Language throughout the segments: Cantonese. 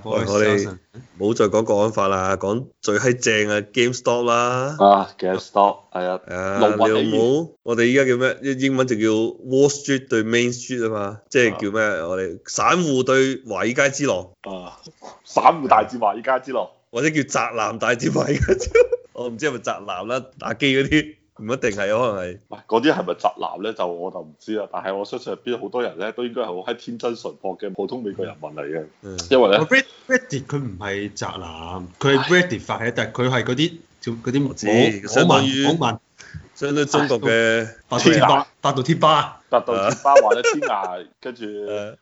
我哋冇再講國安法啦，講最閪正啊 GameStop 啦，GameStop 係啊，你有冇？我哋依家叫咩？英文就叫 Wall Street 對 Main Street 啊嘛，即係叫咩？Uh, 我哋散戶對華爾街之狼啊，uh, 散戶大戰華爾街之狼， 或者叫宅男大戰華爾街之狼。 我唔知係咪宅男啦，打機嗰啲。唔一定係，可能係。喂，嗰啲係咪宅男咧？就我就唔知啦。但係我相信入邊好多人咧，都應該係好閪天真純樸嘅普通美國人民嚟嘅。嗯、因為咧，Red Reddit 佢唔係宅男，佢係 Reddit 發，但係佢係嗰啲叫嗰啲唔知，相當於中國嘅。迷天，天涯，百度貼吧，百度貼吧或者天涯， 跟住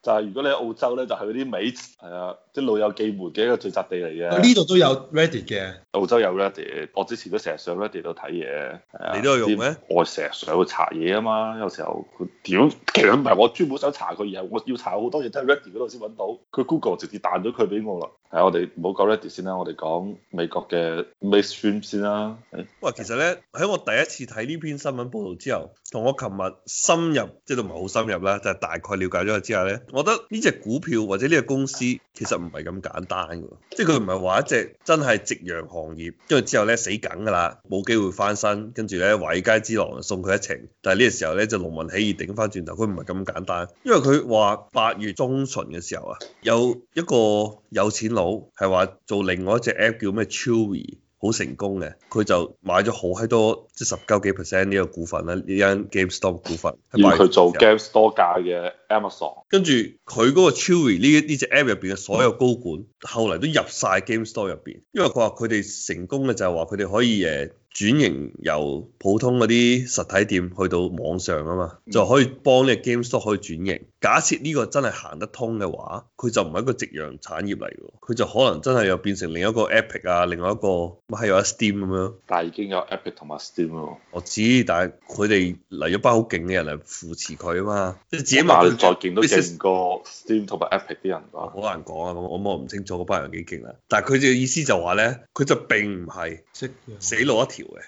就係如果你喺澳洲咧，就係啲美，係啊，啲老友記們嘅一個聚集地嚟嘅。呢度都有 Reddit 嘅，澳洲有 Reddit，我之前都成日上 Reddit 度睇嘢。啊、你都有用咩？我成日上去查嘢啊嘛，有時候佢屌，其實唔係我專門想查佢，而係我要查好多嘢都喺 Reddit 嗰度先揾到。佢 Google 直接彈咗佢俾我啦。係、啊，我哋唔好講 Reddit 先啦，我哋講美國嘅 Mainstream 先啦。喂、啊，其實咧，喺我第一次睇呢篇新聞報道之後。同我琴日深入，即係都唔係好深入啦，就係大概了解咗佢之後咧，我覺得呢隻股票或者呢隻公司其實唔係咁簡單嘅，即係佢唔係話一隻真係夕陽行業，因為之後咧死梗噶啦，冇機會翻身，跟住咧華爾街之狼送佢一程，但係呢個時候咧就農民起義頂翻轉頭，佢唔係咁簡單，因為佢話八月中旬嘅時候啊，有一個有錢佬係話做另外一隻 app 叫咩 Chewy。好成功嘅，佢就買咗好閪多即係十九幾 percent 呢個股份啦。呢間 GameStop 股份，要佢做 GameStop 價嘅 Amazon。跟住佢嗰個 Chewy 呢，呢隻 App 入邊嘅所有高管，後嚟都入晒 GameStop 入邊，因為佢話佢哋成功嘅就係話佢哋可以誒轉型由普通嗰啲實體店去到網上啊嘛，就可以幫呢個 GameStop 可以轉型。假設呢個真係行得通嘅話，佢就唔係一個夕陽產業嚟嘅，佢就可能真係又變成另一個 Epic 啊，另外一個係有 Steam 咁樣，但係已經有 Epic 同埋 Steam 咯。我知，但係佢哋嚟咗班好勁嘅人嚟扶持佢啊嘛，即係自己買再見到成個 Steam 同埋 Epic 啲人，好難講啊！我我摸唔清楚嗰班人幾勁啊。但係佢嘅意思就話咧，佢就並唔係即死路一條嘅，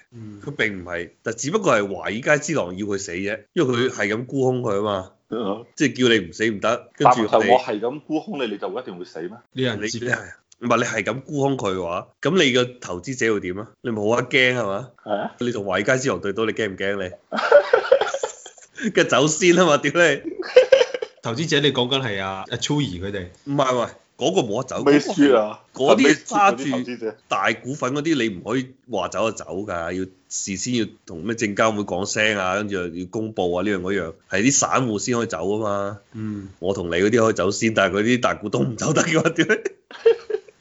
佢並唔係，但只不過係華爾街之狼要佢死啫，因為佢係咁沽空佢啊嘛。嗯、即係叫你唔死唔得，跟住我係咁沽空你，你就一定會死咩？呢樣你係唔係你係咁沽空佢嘅話，咁你嘅投資者會點啊？你咪好啊驚係嘛？係 啊！你同華爾街之王對賭，你驚唔驚你？跟住走先啊嘛！屌你！投資者你講緊係阿阿超怡佢哋，唔係喂。嗰個冇得走，未輸啊！嗰啲揸住大股份嗰啲，你唔可以話走就走㗎，要事先要同咩證監會講聲啊，跟住要公佈啊呢樣嗰樣，係啲散戶先可以走啊嘛。嗯，我同你嗰啲可，可以走先，但係佢啲大股東唔走得㗎，點咧？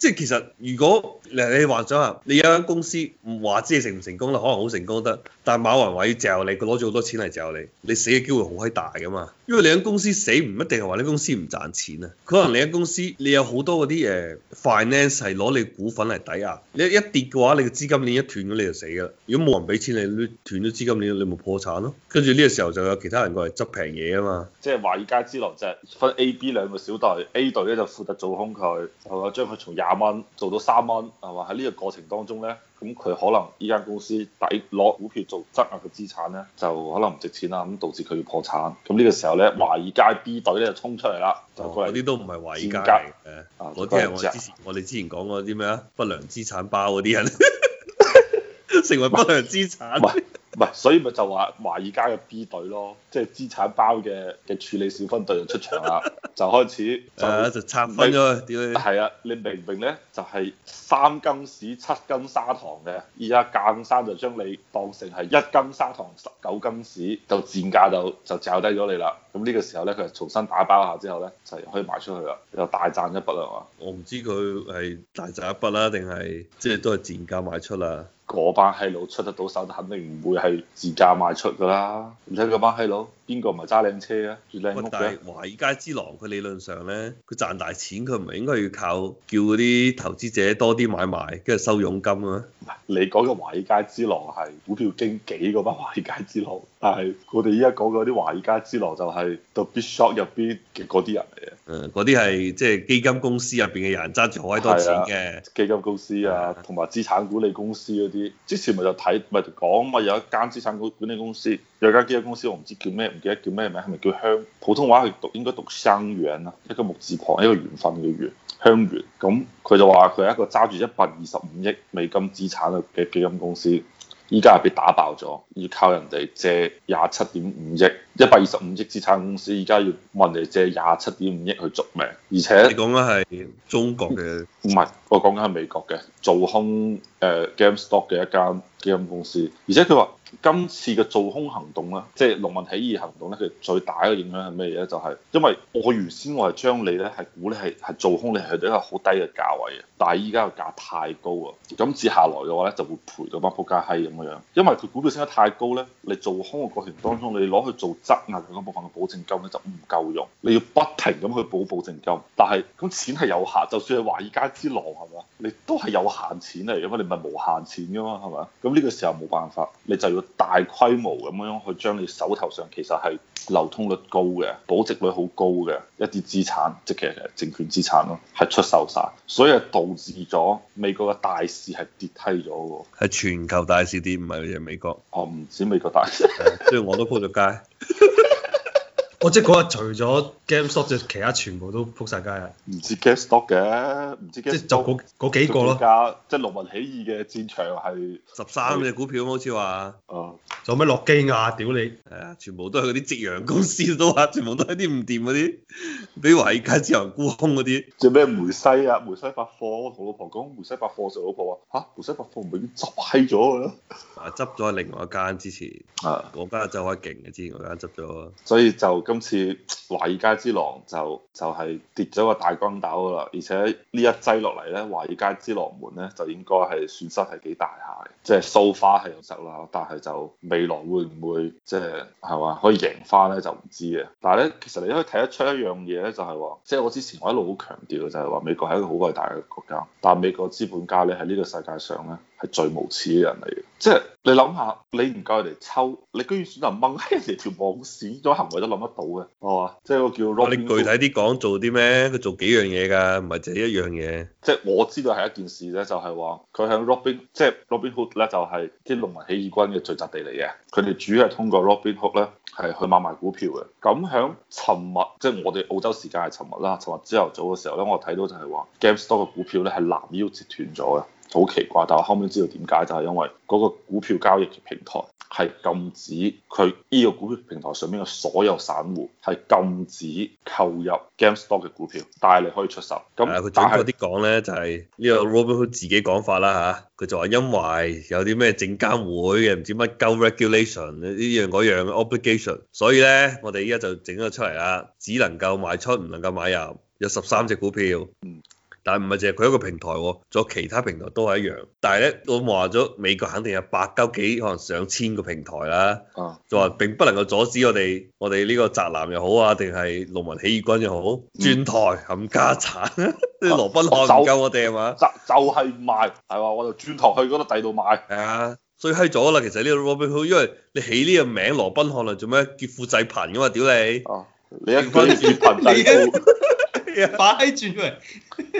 即係其實，如果你你幻想下，你有間公司，唔話知你成唔成功啦，可能好成功得。但係馬雲話要嚼你，佢攞咗好多錢嚟嚼你，你死嘅機會好閪大噶嘛。因為你間公司死唔一定係話你公司唔賺錢啊，可能你間公司你有好多嗰啲誒 finance 係攞你股份嚟抵押，你一跌嘅話，你嘅資金鏈一斷咗你就死㗎喇。如果冇人俾錢你，斷咗資金鏈，你咪破產咯。跟住呢個時候就有其他人過嚟執平嘢啊嘛。即係華爾街之流就分 A、B 兩個小隊，A 隊咧就負責做空佢，係啊，將佢從廿蚊做到三蚊，係嘛？喺呢個過程當中咧，咁佢可能依間公司抵攞股票做質押嘅資產咧，就可能唔值錢啦，咁導致佢要破產。咁呢個時候咧，華爾街 B 隊咧就衝出嚟啦。哦，嗰啲都唔係華爾街。誒、啊，嗰啲係我之前，啊、我哋之前講過啲咩啊？不良資產包嗰啲人。 成為不良資產。唔係所以咪就話華爾街嘅 B 隊咯，即係資產包嘅嘅處理小分隊就出場啦，就開始誒就參與 啊？係你你啊，你明唔明呢？就係三斤屎七斤砂糖嘅，而家間商就將你當成係一斤砂糖十九斤屎，就賤價就就炒低咗你啦。咁呢個時候呢，佢就重新打包下之後呢，就可以賣出去啦，就大賺一筆啦。我唔知佢係大賺一筆啦，定係即係都係賤價賣出啦。嗰班閪佬出得到手，就肯定唔會係自家賣出噶啦，唔使嗰班閪佬。邊個唔係揸靚車啊？住靚屋嘅。但係華爾街之狼，佢理論上咧，佢賺大錢，佢唔係應該要靠叫嗰啲投資者多啲買賣，跟住收佣金啊。你講嘅華爾街之狼係股票經紀嗰班華爾街之狼，但係佢哋依家講嘅啲華爾街之狼就係、是、The Big Short 入邊嘅嗰啲人嚟嘅。嗯，嗰啲係即係基金公司入邊嘅人，揸住好多錢嘅、啊。基金公司啊，同埋、啊、資產管理公司嗰啲，之前咪就睇咪講嘛，有一間資產管理公司。有間基金公司我，我唔知叫咩，唔記得叫咩名，係咪叫香？普通話去讀應該讀生源啦，一個木字旁，一個緣分嘅緣，香櫞。咁佢就話佢係一個揸住一百二十五億美金資產嘅基金公司，依家係被打爆咗，要靠人哋借廿七點五億，一百二十五億資產公司，而家要問人借廿七點五億去續命。而且你講緊係中國嘅？唔係，我講緊係美國嘅做空誒、uh, GameStop 嘅一間。基金公司，而且佢話今次嘅做空行動咧，即係農民起義行動咧，佢最大嘅影響係咩嘢咧？就係、係、因為我原先我係將你咧係估你係係做空你去到一個好低嘅價位嘅，但係依家個價太高啊！咁接下來嘅話咧就會賠到馬窟加閪咁樣，因為佢股票升得太高咧，你做空嘅過程當中，你攞去做質押嗰部分嘅保證金咧就唔夠用，你要不停咁去補保證金，但係咁錢係有限，就算係華爾街之狼係嘛，你都係有限錢嚟噶嘛，你唔係無限錢噶嘛係咪？呢個時候冇辦法，你就要大規模咁樣去將你手頭上其實係流通率高嘅、保值率好高嘅一啲資產，即其實係證券資產咯，係出售晒。所以導致咗美國嘅大市係跌低咗嘅喎。係全球大市啲唔係隻美國。哦，唔止美國大市，所以我都仆咗街。我即係嗰日除咗 GameStop，即其他全部都撲晒街 stop, 啊！唔知 GameStop 嘅，唔知 GameStop 即係就嗰嗰幾個咯，即係農民起義嘅戰場係十三隻股票是好似話。哦、啊。仲有咩諾基亞？屌你。係全部都係嗰啲夕陽公司都話，全部都係啲唔掂嗰啲，啲華爾街自由沽空嗰啲。做咩梅西啊？梅西百貨，我同老婆講梅西百貨，我老婆話嚇，梅西百貨唔係都執閪咗嘅咩？啊！執咗喺另外一間之前。啊！ 嗰間就好勁嘅，之前嗰間執咗。所以就。今次華爾街之狼就就係跌咗個大跟斗噶啦，而且呢一劑落嚟咧，華爾街之狼門咧就應該係損失係幾大下，即係 so far 係有蝕啦，但係就未來會唔會即係係嘛可以贏翻咧就唔知嘅。但係咧，其實你可以睇得出一樣嘢咧，就係話，即係我之前我一路好強調就係話，美國係一個好偉大嘅國家，但係美國資本家咧喺呢個世界上咧。係最無恥嘅人嚟嘅，即係你諗下，你唔夠人哋抽，你居然選擇掹起人哋條網線，咁樣行為都諗得到嘅，係嘛？即係個叫 Robin，你具體啲講做啲咩？佢做幾樣嘢㗎？唔係就係一樣嘢。即係我知道係一件事咧，就係話佢響 Robin，即係 Robin Hood 咧，就係啲農民起義軍嘅聚集地嚟嘅。佢哋主要係通過 Robin Hood 咧係去買賣股票嘅。咁響尋日，即係我哋澳洲時間係尋日啦，尋日朝頭早嘅時候咧，我睇到就係話 GameStop 嘅股票咧係攔腰截斷咗嘅。好奇怪，但我後面知道點解，就係、是、因為嗰個股票交易嘅平台係禁止佢呢個股票平台上面嘅所有散戶，係禁止購入 GameStop 嘅股票，但係你可以出售。咁誒，佢整嗰啲講咧就係、是、呢個 Robert 自己講法啦嚇，佢、啊、就話因為有啲咩證監會嘅唔、嗯、知乜鳩 regulation 呢樣嗰樣嘅 obligation，所以咧我哋依家就整咗出嚟啦，只能夠賣出唔能夠買入，有十三隻股票。嗯。但係唔係淨係佢一個平台、哦，仲有其他平台都係一樣。但係咧，我話咗美國肯定有百鳩幾，可能上千個平台啦。啊、就話並不能夠阻止我哋，我哋呢個宅男又好啊，定係農民起義軍又好，轉台冚家鏟，啲羅賓漢唔夠我哋啊！我嗎就就係、是、唔賣，係話我就轉頭去嗰度第度買。係啊，衰閪咗啦！其實呢個羅賓漢，因為你起呢個名羅賓漢嚟做咩？劫富濟貧噶嘛？屌你！哦、啊，你劫翻住貧濟富。擺住佢，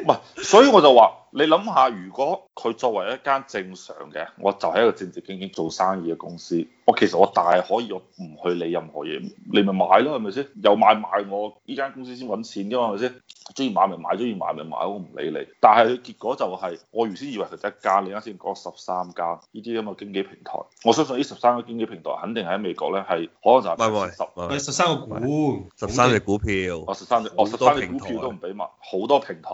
唔係，所以我就話：你諗下，如果佢作為一間正常嘅，我就係一個正正經經做生意嘅公司。我其實我大可以，我唔去理任何嘢，你咪買咯，係咪先？又買買我依間公司先揾錢啫嘛，係咪先？中意買咪買，中意買咪買，我唔理你。但係佢結果就係，我原先以為佢得一家，你啱先講十三家呢啲咁嘅經紀平台，我相信呢十三個經紀平台肯定係喺美國咧，係可能就係十十三個股，十三隻股票，我十三隻，哦十三隻股票都唔俾買，好多平台，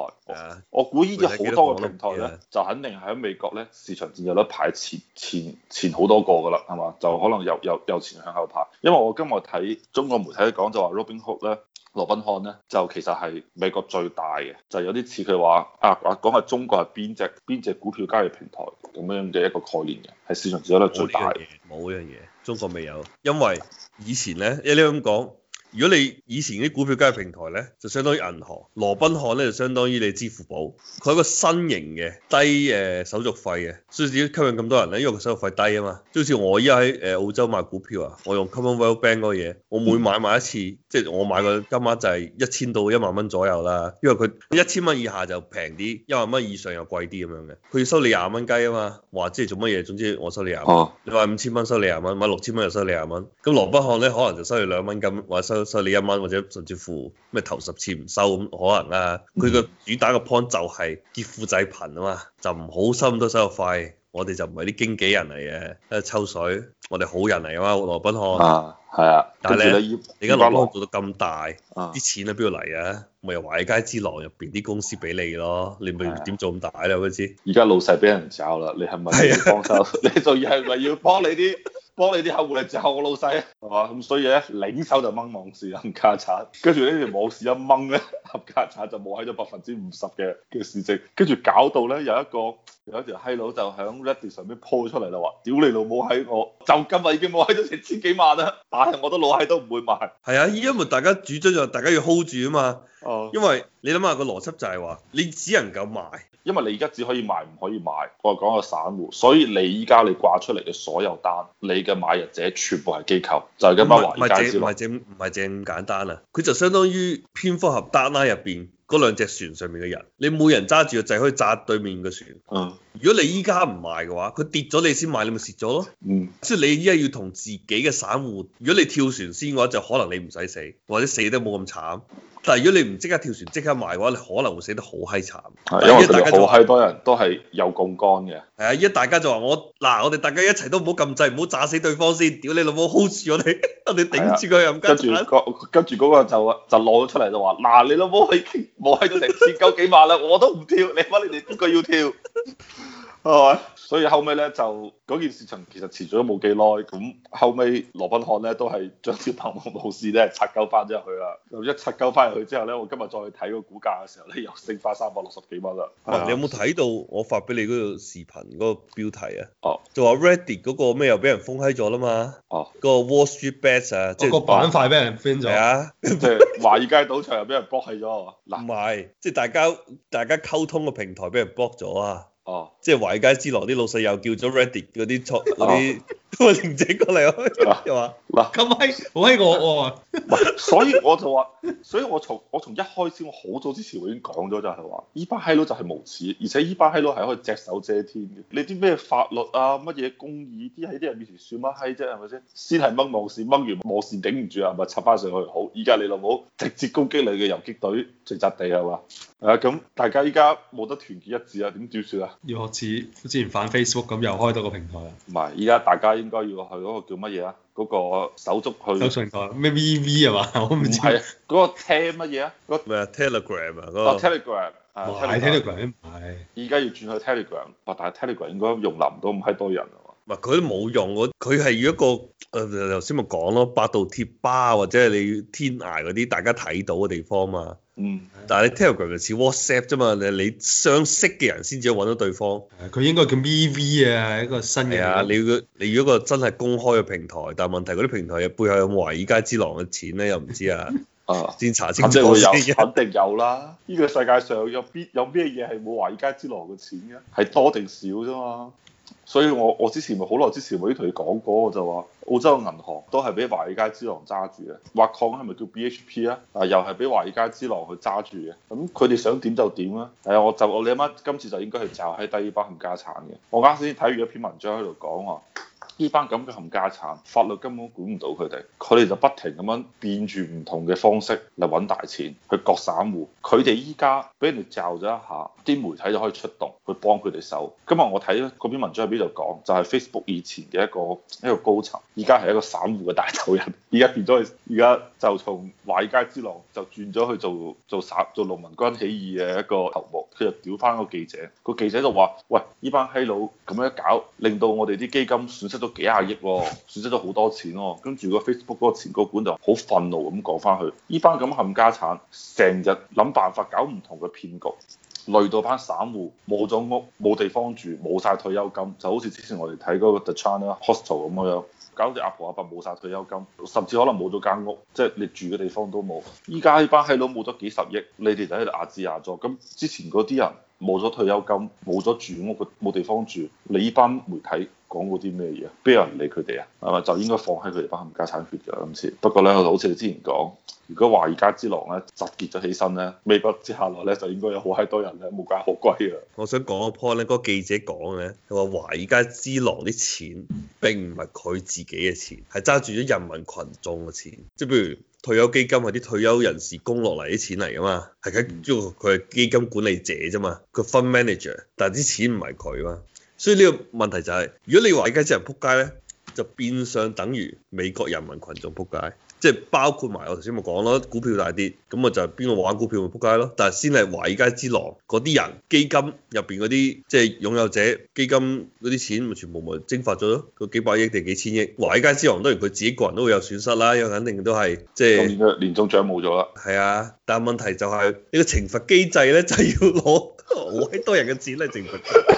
我估呢啲好多嘅平台咧，就肯定係喺美國咧市場佔有率排前前前好多個㗎啦，係嘛？就。可能由由由前向後排，因為我今日睇中國媒體講就話 Robinhood 咧、羅賓漢咧，就其實係美國最大嘅，就有啲似佢話啊講係中國係邊隻邊隻股票交易平台咁樣嘅一個概念嘅，係市場佔有率最大嘅。冇呢樣嘢，中國未有，因為以前咧一啲咁講。如果你以前啲股票交易平台咧，就相當於銀行；羅賓漢咧就相當於你支付寶。佢係一個新型嘅低誒手續費嘅，所以點吸引咁多人咧？因為佢手續費低啊嘛。就好似我依家喺誒澳洲買股票啊，我用 Commonwealth Bank 嗰個嘢，我每買賣一次。即係我買個金額就係一千到一萬蚊左右啦，因為佢一千蚊以下就平啲，一萬蚊以上又貴啲咁樣嘅。佢要收你廿蚊雞啊嘛，話之做乜嘢？總之我收你廿蚊。啊，你話五千蚊收你廿蚊，買六千蚊又收你廿蚊，咁羅賓漢咧可能就收你兩蚊咁，話收收你一蚊或者甚至乎咩頭十次唔收咁可能啊。佢個主打個 point 就係劫富濟貧啊嘛，就唔好收咁多手續費。我哋就唔係啲經紀人嚟嘅，喺度抽水。我哋好人嚟啊嘛，羅賓漢。啊，係啊。跟住你而家落落做到咁大，啲錢喺邊度嚟啊？咪又華爾街之狼入邊啲公司俾你咯，你咪點做咁大咧？我唔知。而家老細俾人炒啦，你係咪要幫手？是啊、你仲要係咪要幫你啲？ 幫你啲客戶嚟之後，我老細係嘛？咁所以咧，領手就掹網市冚家鏟，跟住呢條網市一掹咧，冚家鏟就冇喺咗百分之五十嘅嘅市值，跟住搞到咧有一個有一條閪佬就喺 Reddit 上面 po 出嚟啦，話：屌你老母喺我，就今日已經冇喺咗成千幾萬啦！但係我老都老閪都唔會賣。係啊，因為大家主張就大家要 hold 住啊嘛。哦。因為。你諗下個邏輯就係話，你只能夠賣，因為你而家只可以賣唔可以買。我係講個散戶，所以你而家你掛出嚟嘅所有單，你嘅買入者全部係機構，就係咁樣環節。唔係正，唔係正，唔係正咁簡單啊！佢就相當於蝙蝠俠合單拉入邊嗰兩隻船上面嘅人，你每人揸住個掣可以炸對面嘅船。嗯。如果你依家唔賣嘅話，佢跌咗你先買，你咪蝕咗咯。嗯。即係你依家要同自己嘅散戶，如果你跳船先嘅話，就可能你唔使死，或者死得冇咁慘。但係如果你唔即刻跳船即刻賣嘅話，你可能會死得好閪慘。因為大家好閪多人都係有槓桿嘅。係啊，一大家就話我嗱，我哋大家一齊都唔好撳掣，唔好炸死對方先。屌你老母，hold 住我哋，我哋頂住佢又跟住跟住嗰個就話就攞出嚟就話嗱，你老母係冇喺度成千九幾萬啦， 我都唔跳，你搵你哋邊個要跳？ 所以後尾咧就嗰件事情其實持續咗冇幾耐，咁後尾羅賓漢咧都係將啲騰訊老師咧拆鳩翻咗入去啦。一拆鳩翻入去之後咧，我今日再去睇個股價嘅時候咧，又升翻三百六十幾蚊啦。你有冇睇到我發俾你嗰個視頻嗰個標題啊？哦，就話 Reddit 嗰個咩又俾人封閪咗啦嘛。哦，個 Wall Street Bets 啊，即係個板塊俾人封咗。啊，即係 華爾街賭場又俾人 block 咗係嗱，唔係， 即係大家大家溝通嘅平台俾人 block 咗啊。哦，即係華爾街之狼啲老細又叫咗 Reddit 嗰啲錯嗰啲。哦些 都係成績過嚟咯，又話嗱咁閪好閪過我，所以我就話，所以我從我從一開始，我好早之前我已經講咗就係話，依巴閪佬就係無恥，而且依巴閪佬係可以隻手遮天嘅。你啲咩法律啊，乜嘢公義啲，喺啲人面前算乜閪啫，係咪先？先係掹網線，掹完網線頂唔住啊，咪插翻上去。好，依家你老母直接攻擊你嘅遊擊隊，聚集地係嘛？係啊，咁大家依家冇得團結一致啊，點點算啊？要我似之前反 Facebook 咁，又開多個平台啊？唔係，依家大家。應該要去嗰個叫乜嘢啊？嗰、嗰個手足去咩 V V 係嘛？我唔知啊。嗰、嗰個 Telegram 啊，Telegram、嗰個、啊，Telegram 唔係。而家要轉去 Telegram，但係 Telegram 應該容納唔到咁閪多人啊嘛。唔係佢都冇用嗰，佢係一個誒，頭先咪講咯，百度貼吧或者係你天涯嗰啲大家睇到嘅地方嘛。嗯，但係 Telegram 就似 WhatsApp 啫嘛，你你相識嘅人先至可以搵到對方。佢應該叫 v e v 啊，一個新嘅。啊，你你如果個真係公開嘅平台，但係問題嗰啲平台嘅背後有冇華爾街之狼嘅錢咧，又唔知啊。 啊，先查先。肯定有，肯定有啦。呢 個世界上有必有咩嘢係冇華爾街之狼嘅錢嘅？係多定少啫嘛。所以我我之前咪好耐之前我都同你講過，我就話。澳洲嘅銀行都係俾華爾街之狼揸住嘅，挖礦係咪叫 BHP 啊？啊，又係俾華爾街之狼去揸住嘅，咁佢哋想點就點啦。係、哎、啊，我就我你阿媽今次就應該去罩喺第二班冚家鏟嘅。我啱先睇完一篇文章喺度講話，呢班咁嘅冚家鏟法律根本管唔到佢哋，佢哋就不停咁樣變住唔同嘅方式嚟搵大錢去割散戶。佢哋依家俾人哋罩咗一下，啲媒體就可以出動去幫佢哋手。今日我睇嗰篇文章喺邊度講，就係、是、Facebook 以前嘅一個一個高層。而家係一個散戶嘅大頭人，而家變咗去，而家就從華爾街之狼就轉咗去做做散做，做農民軍起義嘅一個頭目。佢就屌翻個記者，個記者就話：喂，呢班閪佬咁樣搞，令到我哋啲基金損失咗幾廿億、哦，損失咗好多錢咯、哦。跟住個 Facebook 嗰個前高管就好憤怒咁講翻去：呢班咁冚家產，成日諗辦法搞唔同嘅騙局，累到班散戶冇咗屋，冇地方住，冇晒退休金，就好似之前我哋睇嗰個 The China Hostel 咁樣。搞到阿婆阿伯冇曬退休金，甚至可能冇咗間屋，即、就、係、是、你住嘅地方都冇。依家依班閪佬冇咗幾十億，你哋就喺度壓榨壓榨。咁之前嗰啲人，冇咗退休金，冇咗住屋，冇地方住。你依班媒體講過啲咩嘢？邊有人理佢哋啊？係咪？就應該放喺佢哋班冚家產血入咁次。不過咧，就好似你之前講，如果華爾街之狼咧集結咗起身咧，未不之下落咧，就應該有好閪多人咧無家可歸啊！我想講個 point 咧，個記者講嘅，佢話華爾街之狼啲錢並唔係佢自己嘅錢，係揸住咗人民群眾嘅錢，即係譬如。退休基金係啲退休人士供落嚟啲錢嚟噶嘛，係喺即係佢係基金管理者啫嘛，佢 fund manager，但係啲錢唔係佢嘛，所以呢個問題就係、是，如果你話而家啲人扑街咧，就變相等於美國人民群眾扑街。即係包括埋我頭先咪講咯，股票大跌，咁啊就係邊個玩股票咪扑街咯。但係先係華爾街之狼嗰啲人，基金入邊嗰啲即係擁有者，基金嗰啲錢咪全部咪蒸發咗咯。個幾百億定幾千億，華爾街之狼當然佢自己個人都會有損失啦，因為肯定都係即係年嘅年終獎冇咗啦。係啊，但係問題就係、你、呢個懲罰機制咧，就要攞好閪多人嘅錢嚟懲罰。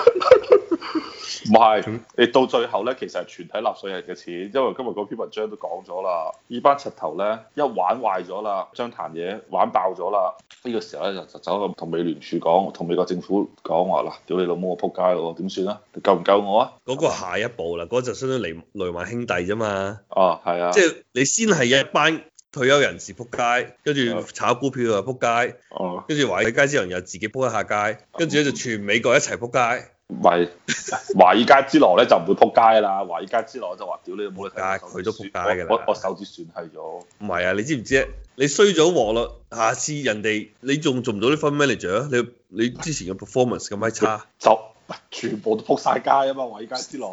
唔係，你到最後咧，其實係全體納稅人嘅錢，因為今日嗰篇文章都講咗啦，呢班柒頭咧一玩壞咗啦，將彈嘢玩爆咗啦，呢、這個時候咧就走咁同美聯儲講，同美國政府講話嗱，屌你老母我撲街咯，點算啊？你夠唔夠我啊？嗰個下一步啦，嗰、那個、就相當於雷曼兄弟啫嘛。哦，係啊。即係、啊、你先係一班退休人士撲街，跟住炒股票又撲、啊、街，哦，跟住華爾街之狼又自己撲一下街，跟住咧就全美國一齊撲街。唔係，華爾街之狼咧就唔會撲街啦。華爾街之狼就話：屌你冇得睇，佢都撲街噶啦。我我手指斷係咗，唔係啊！你知唔知？你衰咗和啦！下次人哋你仲做唔到啲分 manager？你你之前嘅 performance 咁閪差，就全部都撲晒街啊嘛！華爾街之狼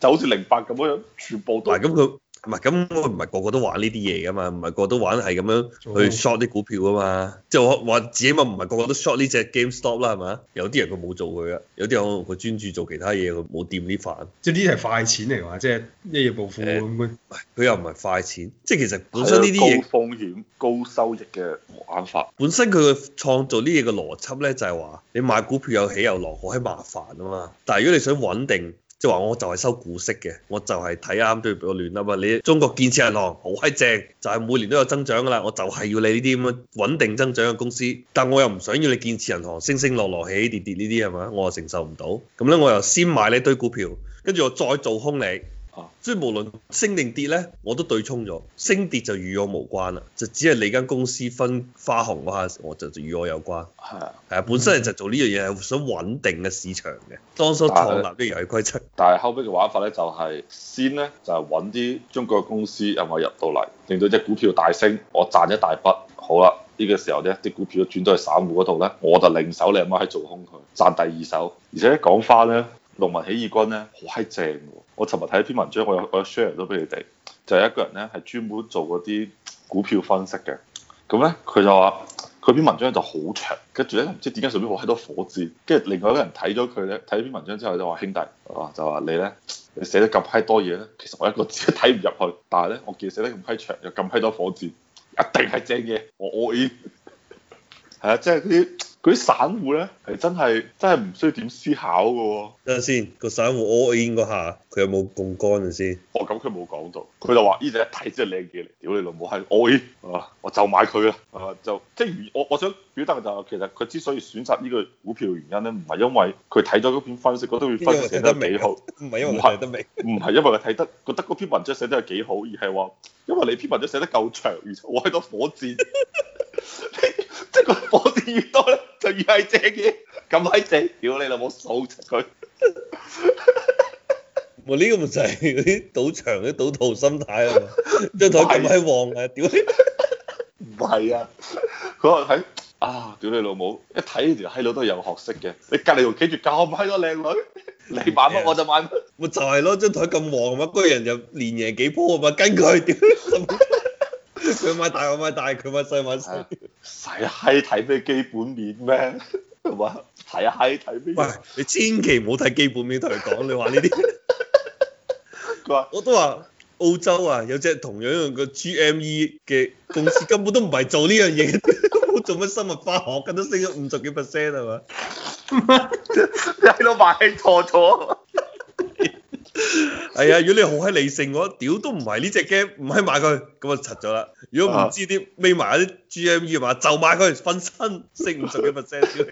就好似零八咁樣，全部都係咁佢。 唔係咁，我唔係個個都玩呢啲嘢噶嘛，唔係個個都玩係咁樣去 short 啲股票噶嘛，即係我話自己嘛，唔係個個都 short 呢隻 GameStop 啦，係嘛？有啲人佢冇做佢啊，有啲可能佢專注做其他嘢，佢冇掂啲飯。即係呢啲係快錢嚟㗎嘛，即係一夜暴富咁樣。佢、欸、又唔係快錢，即係其實本身呢啲嘢高風險高收益嘅玩法。本身佢嘅創造呢嘢嘅邏輯咧，就係話你買股票有起又落，好閪麻煩啊嘛。但係如果你想穩定，即係話，我就係收股息嘅，我就係睇啱都要畀我亂啊嘛！你中國建設銀行好閪正，就係、是、每年都有增長噶啦，我就係要你呢啲咁樣穩定增長嘅公司，但我又唔想要你建設銀行升升落落起、起起跌跌呢啲，係嘛？我又承受唔到，咁咧我又先買呢堆股票，跟住我再做空你。即係無論升定跌咧，我都對沖咗，升跌就與我無關啦，就只係你間公司分花紅嗰下，我就與我有關。係啊，係啊，本身係就做呢樣嘢係想穩定嘅市場嘅，當初創立嘅遊戲規則。但係後邊嘅玩法咧、就係，就係先咧就係揾啲中國公司有冇入到嚟，令到隻股票大升，我賺一大筆。好啦，呢、呢個時候咧，啲股票轉到去散戶嗰度咧，我就另手。你阿媽去做空佢，賺第二手。而且講翻咧，農民起義軍咧，好閪正喎。我尋日睇一篇文章，我有我 share 咗俾你哋，就係、是、一個人咧，係專門做嗰啲股票分析嘅。咁咧，佢就話：佢篇文章就好長，跟住咧唔知點解上面好多火箭。跟住另外一個人睇咗佢咧，睇咗篇文章之後就話：兄弟，啊就話你咧，你寫得咁閪多嘢咧，其實我一個字都睇唔入去，但係咧我見寫得咁閪長又咁閪多火箭，一定係正嘢。我我已經啊，即係啲。就是佢散戶咧係真係真係唔需要點思考嘅喎。等陣先，個散戶 all in 嗰下，佢有冇槓桿嘅先？哦，咁佢冇講到，佢就話：呢隻一睇真係靚嘢嚟，屌你老母閪，all in 啊！我就買佢啦。啊，就即係我我想表達嘅就係其實佢之所以選擇呢個股票原因咧，唔係因為佢睇咗嗰篇分析，覺得篇分析寫得幾好，唔係因為睇得明，唔係因為佢睇得覺得嗰篇文章寫得又幾好，elle, 而係話因為你篇文章寫得夠長，而我喺個火箭，即係個火箭越多咧。就越係正嘢，咁閪正，屌你老母掃出佢！我呢個咪就係啲賭場啲賭徒心態啊嘛，張台咁閪旺啊，屌你！唔係啊，佢話喺啊，屌你老母！一睇呢條閪佬都係有學識嘅，你隔離度企住咁閪多靚女，你買乜我就買乜，咪、啊、 就係咯，張台咁旺啊嘛，嗰人又連贏幾波啊嘛，跟佢屌 佢買大我買大，佢買細我買細。使閪睇咩基本面咩？同埋睇閪睇咩？喂，你千祈唔好睇基本面，同佢講你話呢啲。佢話：我都話澳洲啊，有隻同樣樣嘅 GME 嘅公司，根本都唔係做呢樣嘢， 做乜生物化學咁都升咗五十幾 percent 係嘛？你喺度 買錯咗。係啊，如果你好閪理性，我屌都唔係呢隻 game 唔係買佢，咁啊柒咗啦。如果唔知啲未埋啲 GME 嘛，就買佢瞓身升五十幾 percent。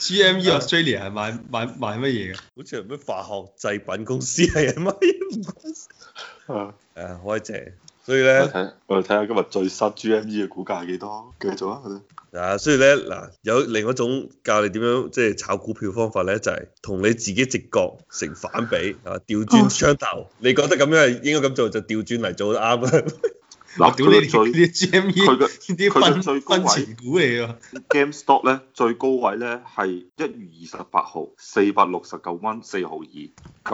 GME Australia 係買買買乜嘢嘅？好似係咩化學製品公司係 啊？乜唔係啊，好閪正。所以咧，我哋睇下今日最失 GME 嘅股價係幾多？繼續啊！嗱， 所以咧，嗱，有另一種教你點樣即係、就是、炒股票方法咧，就係、是、同你自己直覺成反比啊，調轉槍頭。 你覺得咁樣係應該咁做，就調轉嚟做得啱。 嗱，佢嘅最佢嘅佢嘅最高位，GameStop 咧最高位咧係一月二十八號四百六十九蚊四毫二，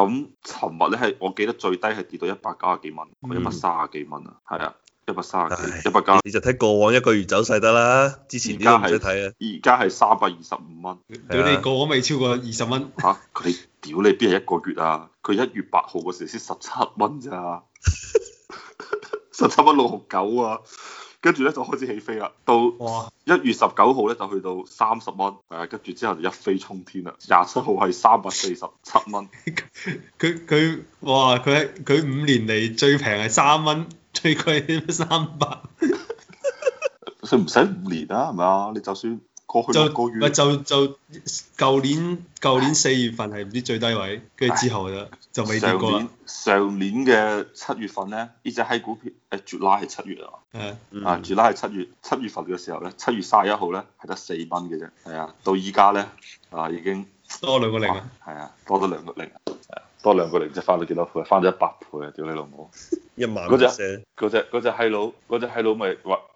咁尋日咧係我記得最低係跌到一百九十幾蚊，一百卅十幾蚊啊，係啊，一百卅十幾，一百九。你就睇過往一個月走勢得啦，之前而家唔睇啊。而家係三百二十五蚊，屌你過往未超過二十蚊？吓，啊？佢，屌你邊係一個月啊？佢一月八號嗰時先十七蚊咋？ 十七蚊六毫九啊，跟住咧就開始起飛啦，到一月十九號咧就去到三十蚊，誒，跟住之後就一飛沖天啦，廿七號係三百四十七蚊，佢佢 哇，佢佢五年嚟最平係三蚊，最貴都三百，佢唔使五年啦，係咪啊？你就算。就唔就就舊年舊年四月份係唔知最低位，跟住之後咧就未上過。上年嘅七月份咧，呢隻閪股票誒絕拉係七月、哎嗯、啊，啊絕拉係七月七月份嘅時候咧，七月卅一號咧係得四蚊嘅啫，係啊，到依家咧啊已經多兩個零啊，係啊，啊，多咗兩個零，多兩個零，即係翻咗幾多，多倍？翻咗一百倍啊！屌你老母！嗰隻嗰隻嗰隻閪佬嗰隻閪佬咪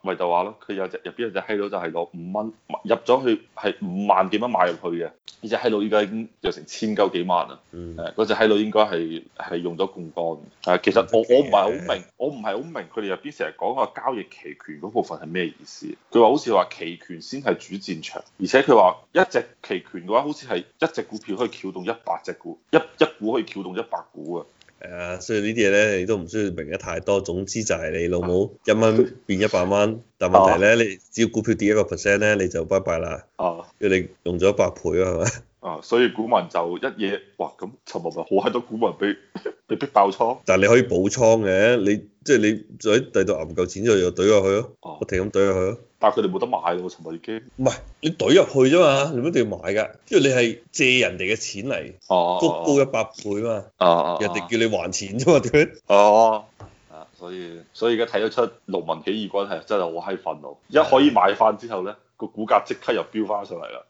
咪就話、是、咯，佢有隻入邊有隻閪佬就係攞五蚊入咗去，係五萬幾蚊買入去嘅。呢隻閪佬依家已經有成千九幾萬啦。誒，嗰隻閪佬應該係係用咗槓桿。誒，其實我我唔係好明，我唔係好明佢哋入邊成日講個交易期權嗰部分係咩意思？佢話好似話期權先係主戰場，而且佢話一隻期權嘅話好似係一隻股票可以撬動一百隻股，一一股可以撬動一百股啊。係所以呢啲嘢咧，你都唔需要明得太多。總之就係你老母一蚊、啊、變一百蚊，啊、但問題咧，你只要股票跌一個 percent 咧，你就拜拜啦。啊，因為你用咗百倍啊，係咪？啊，所以股民就一夜，哇！咁尋日咪好閪多股民俾，俾逼爆倉。但你可以補倉嘅，你即係、就係、你喺第度揞夠錢之後，又懟、啊、落去咯。不停咁懟落去咯。但係佢哋冇得買咯，尋日已經。唔係，你懟入去啫嘛，點解一定要買嘅？因為你係借人哋嘅錢嚟，高高一百倍嘛。啊啊！人哋叫你還錢啫嘛，點？哦。啊，所以所以而家睇得出農民起義軍係真係好閪憤怒，一可以買翻之後咧，個股價即刻又飆翻上嚟啦。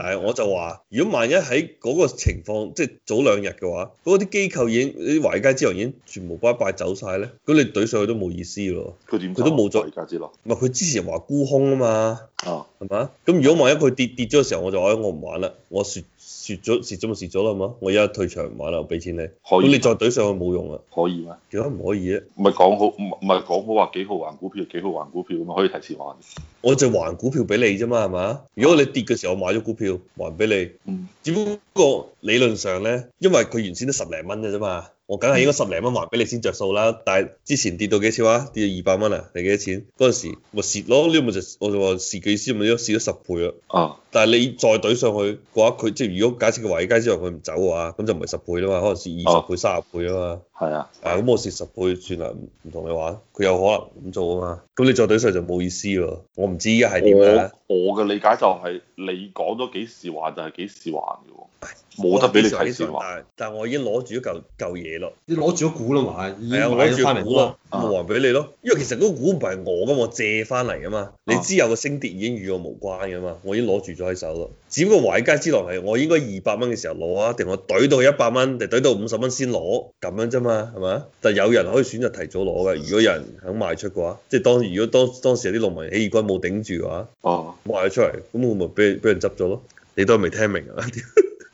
但係我就話，如果萬一喺嗰個情況，即係早兩日嘅話，嗰啲機構已經啲華爾街之狼已經全部乖乖走曬咧，咁你堆上去都冇意思咯。佢點？佢都冇咗華爾街之狼。唔係佢之前話沽空啊嘛。啊。係嘛？咁如果萬一佢跌跌咗嘅時候，我就話我唔玩啦，我算。蝕咗蝕咗咪蝕咗咯係嘛？我而家退場唔玩啦，我俾錢給你，咁你再懟上去冇用啊？可以咩？點解唔可以啫？唔係講好唔唔係講好話幾號還股票，幾號還股票咁啊？可以提前還。我就還股票俾你啫嘛，係嘛？如果你跌嘅時候我買咗股票還俾你，嗯、只不過理論上咧，因為佢原先都十零蚊嘅啫嘛。我梗係應該十零蚊還俾你先着數啦，但係之前跌到幾錢哇？跌到二百蚊啊，你幾多錢？嗰陣時咪蝕咯，呢咪就我就話蝕幾先，咪都蝕咗十倍咯。哦、啊。但係你再懟上去嘅話，佢即係如果假設佢華爾街之狼佢唔走嘅話，咁就唔係十倍啦嘛，可能蝕二十倍、三十倍啊嘛。係啊。啊，咁我蝕十倍算啦，唔同你玩，佢有可能咁做啊嘛。咁你再懟上去就冇意思咯。我唔知依家係點樣嘅。我嘅理解就係、是、你講咗幾時還就係幾時還嘅。冇得俾你睇但係但係我已經攞住一嚿嚿嘢咯，你攞住個股啦嘛？係啊，攞住個股咯，我還俾你咯，因為其實嗰個股唔係我噶，我借翻嚟噶嘛，啊、你知有個升跌已經與我無關噶嘛，我已經攞住咗喺手咯，只不過華爾街之狼嚟，我應該二百蚊嘅時候攞啊，定我懟到一百蚊，定懟到五十蚊先攞咁樣啫嘛，係咪？但係有人可以選擇提早攞嘅，如果有人肯賣出嘅話，即係當如果當當時有啲農民起義軍冇頂住嘅話，哦，賣咗出嚟，咁我咪俾俾人執咗咯，你都係未聽明啊？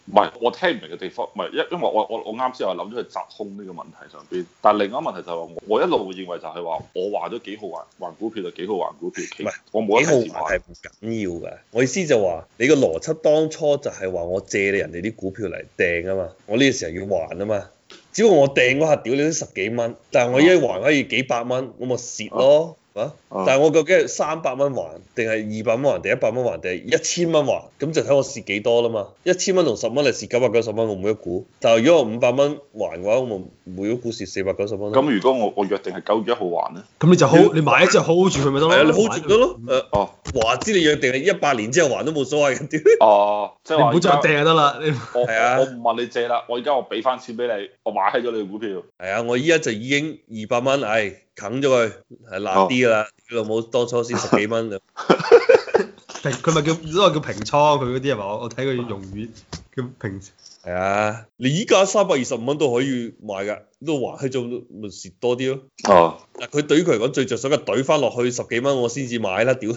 唔係，我聽唔明嘅地方，唔係因因為我我我啱先又諗咗去軋空呢個問題上邊，但係另外一個問題就係、是、話我一路會認為就係話我話咗幾號還還股票就幾號還股票，唔係是我每一號還係唔緊要㗎。我意思就話你個邏輯當初就係話我借你人哋啲股票嚟訂啊嘛，我呢個時候要還啊嘛。只要我訂嗰下，屌你都十幾蚊，但係我一還可以幾百蚊，我咪蝕咯。啊啊、但係我究竟係三百蚊還定係二百蚊還定一百蚊還定係一千蚊還？咁就睇我蝕幾多啦嘛！一千蚊同十蚊你蝕九百九十蚊，我每一股。但係如果我五百蚊還嘅話，我每一股蝕四百九十蚊。咁、嗯、如果我我約定係九月一號還咧？咁你就好，你買一隻 hold 住佢咪得咯？你 hold 住得咯。誒哦、啊。話知你約定係一百年之後還都冇所謂。哦、啊。你唔好再借就得啦。我唔、啊、問你借啦，我而家我俾翻錢俾你，我買喺咗你嘅股票。係啊，我依家就已經二百蚊，唉、哎。啃咗佢係爛啲噶啦，oh. 佢老母當初先十幾蚊嘅 平，佢咪叫嗰個叫平倉佢嗰啲係冇，我睇佢用語叫平係啊，你依家三百二十五蚊都可以買噶，都還，還，還，還、oh. 去做咪蝕多啲咯。哦，佢對於佢嚟講最着數嘅懟翻落去十幾蚊，我先至買啦，屌氣，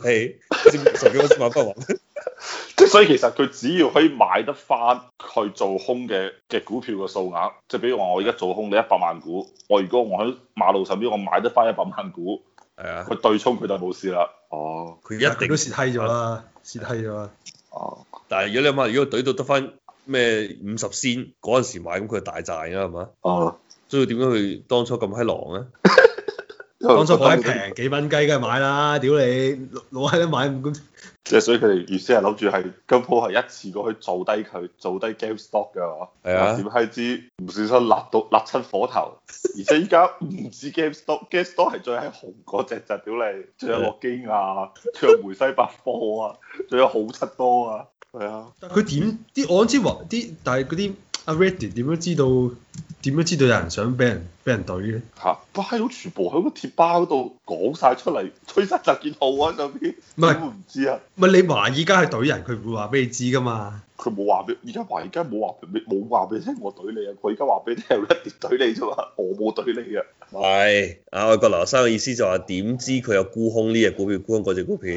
十幾蚊先買翻還。 即所以，其實佢只要可以買得翻去做空嘅嘅股票嘅數額，即係比如話我而家做空你一百萬股，我如果我喺馬路上面我買得翻一百萬股，係是啊，佢對沖佢就冇事啦。哦，佢一定都蝕底咗啦，蝕底咗啦。哦，但係如果你諗，如果對到得翻咩五十仙嗰陣時買，咁佢大賺㗎係嘛？哦，所以點解佢當初咁閪狼咧？ 嗯、當初嗰平幾蚊雞梗係買啦，屌你攞喺度都買咁。即係 所以佢哋意思係諗住係今鋪係一次過去做低佢，做低 GameStop 嘅。係啊。點閪知唔小心辣到辣親火頭，而且依家唔止 GameStop，GameStop 係最喺紅嗰隻就屌你，仲有諾基亞，仲有梅西百貨啊，仲有好七多啊。係啊。佢點啲我知話啲，但係嗰啲。阿 Reddy 點樣知道？點樣知道有人想俾人俾人懟咧？嚇！佢喺度全部喺個貼包度講晒出嚟，推測就件號啊。上邊。唔係我唔知啊？唔係你話而家係懟人，佢會話俾你知噶嘛？佢冇話俾而家話而家冇話俾冇話俾你聽我懟你啊！佢而家話俾你聽係 Reddy 懟你啫嘛，我冇懟你啊。係啊，外國留生嘅意思就係、是、點知佢有沽空呢隻股票、沽空嗰隻股票？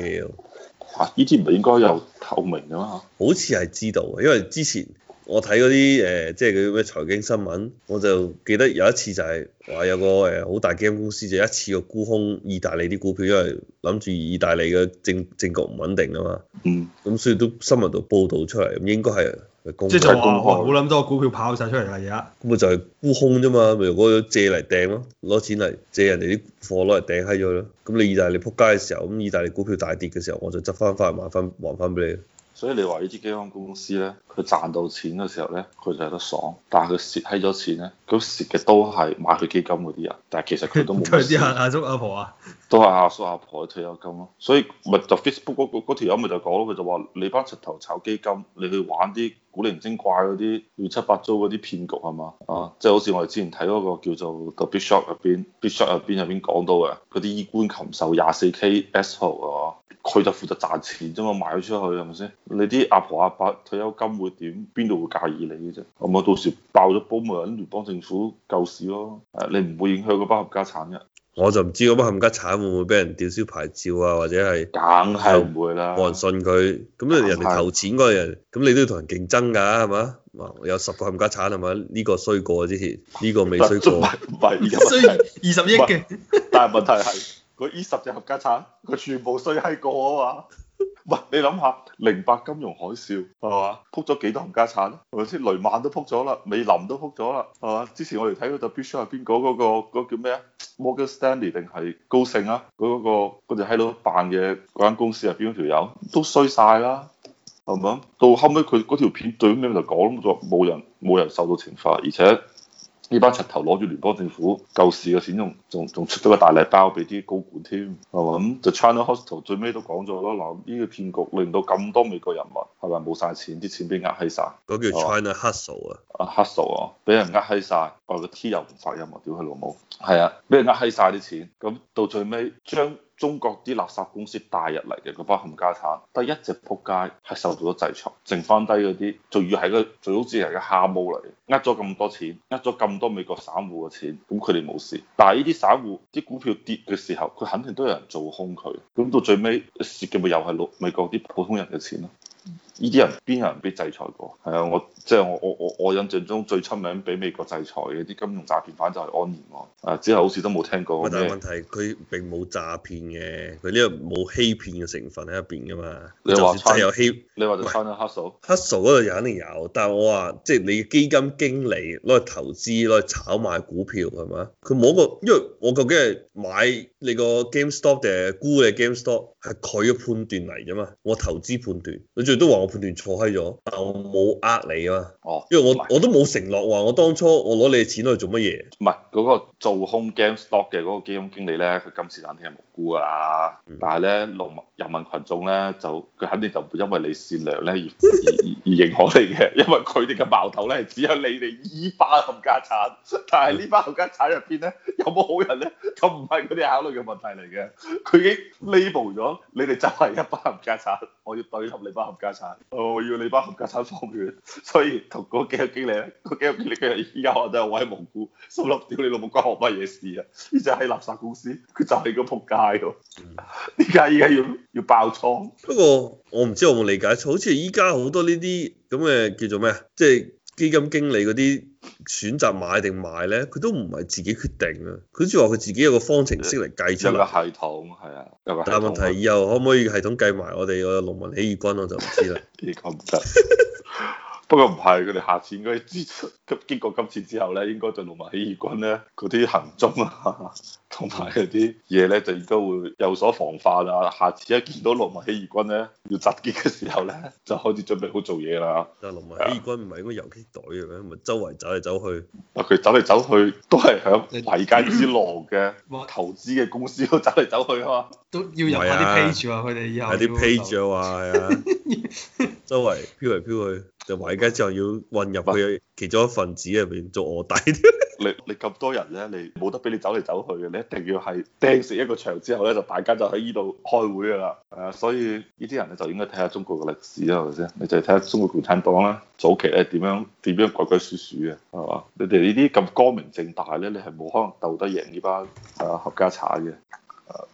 啊！呢啲唔係應該有透明啊嘛，好似係知道，啊！因為之前。我睇嗰啲誒，即係嗰啲咩財經新聞，我就記得有一次就係、是、話有個誒好大 game 公司就一次過沽空意大利啲股票，因為諗住意大利嘅政政局唔穩定啊嘛。嗯。咁所以都新聞度報導出嚟，應該係即係公開,公開。冇諗到我股票跑晒出嚟啦而家。咁咪就係沽空啫嘛，咪如果借嚟掟咯，攞錢嚟借人哋啲貨攞嚟掟喺咗咯。咁你意大利撲街嘅時候，咁意大利股票大跌嘅時候，我就執翻翻買翻還翻俾你。所以你話呢啲基金公司咧，佢賺到錢嘅時候咧，佢就有得爽，但係佢蝕閪咗錢咧，佢蝕嘅都係買佢基金嗰啲人，但係其實佢都冇，對啲阿阿叔阿婆啊。都係阿叔阿婆嘅退休金咯，所以咪就 Facebook 嗰嗰條友咪就講咯，佢就話你班柒頭炒基金，你去玩啲古靈精怪嗰啲亂七八糟嗰啲騙局係嘛？啊，即係好似我哋之前睇嗰個叫做 The Big Short 入邊，Big Short 入邊入邊講到嘅嗰啲衣冠禽獸廿四 K S 好啊，佢就負責賺錢啫嘛，賣咗出去係咪先？你啲阿婆阿伯退休金會點？邊度會介意你嘅啫？咁我到時爆咗煲咪諗住聯邦政府救市咯，誒你唔會影響嗰班合家產嘅。我就唔知嗰班冚家鏟會唔會俾人吊銷牌照啊，或者係梗係唔會啦，冇人信佢。咁啊人哋投錢嗰個人，咁你都要同人競爭㗎、啊，係嘛？有十個冚家鏟係嘛？呢、這個衰過之前，呢、這個未衰過，衰二十億嘅。但係問題係，佢呢 億的 十隻冚家鏟，佢全部衰閪過啊嘛。唔，你諗下零八金融海嘯係嘛，撲咗幾多冚家產咧？係咪先雷曼都撲咗啦，美林都撲咗啦，係嘛？之前我哋睇到就必須係邊、嗰個嗰、嗰個嗰、嗰個、叫咩啊 Morgan Stanley 定係高盛啊？嗰、嗰個嗰隻喺度扮嘅嗰間公司入邊嗰條友都衰晒啦，係咪到後尾，佢嗰條片最尾就講咗冇人冇人受到懲罰，而且。呢班柒頭攞住聯邦政府救市嘅錢，仲仲仲出咗個大禮包俾啲高管添，係嘛？咁就 China Hustle 最尾都講咗咯。嗱，呢個騙局令到咁多美國人民係咪冇晒錢？啲錢俾人呃係晒，嗰叫 China Hustle 啊，啊 Hustle 啊，俾人呃係曬，個 T 又唔發音喎，屌佢老母！係啊，俾人呃係晒啲錢，咁到最尾將將中國啲垃圾公司帶入嚟嘅嗰班冚家產，得一隻撲街係受到咗制裁，剩翻低嗰啲，仲要係個，最好似係個蝦毛嚟，呃咗咁多錢，呃咗咁多美國散戶嘅錢，咁佢哋冇事。但係呢啲散戶啲股票跌嘅時候，佢肯定都有人做空佢，咁到最尾蝕嘅咪又係老美國啲普通人嘅錢咯。呢啲人邊有人俾制裁過？係啊，我即係、就是、我我我我印象中最出名俾美國制裁嘅啲金融詐騙犯就係安然案啊，之後好似都冇聽過。但係問題佢並冇詐騙嘅，佢呢個冇欺騙嘅成分喺入邊噶嘛。你話真係有欺？你話就係黑手？黑手嗰度又肯定有，但係我話即係你基金經理攞嚟投資，攞嚟炒賣股票係嘛？佢冇個，因為我究竟係買你個 GameStop 定係沽你 GameStop，係佢嘅判斷嚟啫嘛。我投資判斷，你最都話我。判斷錯閪咗，我冇呃你啊，哦、因為我我都冇承諾話我當初我攞你嘅錢攞嚟做乜嘢。唔係嗰個做空 GameStop 嘅嗰個基金經理咧，佢今次暫時係無辜啊，但係咧農民人民群眾咧就佢肯定就會因為你善良咧而而而認可你嘅，因為佢哋嘅矛頭咧係只有你哋依班冚家鏟，但係呢班冚家鏟入邊咧有冇好人咧，就唔係佢哋考慮嘅問題嚟嘅，佢已經 label 咗你哋就係一班冚家鏟，我要對立你班冚家鏟。我、哦、要你班合格產放員，所以同嗰幾個經理咧，嗰幾個經理今日依家學真我喺蒙古，心諗屌你老母關我乜嘢事啊！呢隻係垃圾公司，佢就係個仆街喎。點解？依家要要爆倉。嗯、不過我唔知我有冇理解錯，好似依家好多呢啲咁嘅叫做咩啊？即、就、係、是、基金經理嗰啲。選擇買定賣咧，佢都唔係自己決定啊，佢只係話佢自己有個方程式嚟計出嚟。有個系統個係啊，但係問題以後的可唔可以系統計埋我哋個農民起義軍，我，我就唔知啦。呢個唔得。 不過唔係，佢哋下次應該，今經過今次之後咧，應該就落埋起義軍咧，嗰啲行蹤啊，同埋嗰啲嘢咧，就應該會有所防範啦、啊。下次一見到落埋起義軍咧，要襲擊嘅時候咧，就開始準備好做嘢啦。啊，落埋起義軍唔係一個遊擊隊嘅咩？唔係周圍走嚟走去。啊，佢走嚟走去都係喺華爾街之內嘅投資嘅公司都走嚟走去啊。都要有下啲 page 啊，佢哋以後。啲 page 啊，係啊，周圍飄嚟飄去。就而家之後要混入去其中一份子入邊做臥底。 你，你你咁多人咧，你冇得俾你走嚟走去嘅，你一定要係掟死一個場之後咧，就大家就喺依度開會噶啦。誒、uh，所以呢啲人咧就應該睇下中國嘅歷史啦，係咪先？你就睇下中國共產黨啦，早期咧點樣點樣鬼鬼祟祟嘅，係嘛？你哋呢啲咁光明正大咧，你係冇可能鬥得贏呢班誒、啊、冚家鏟嘅。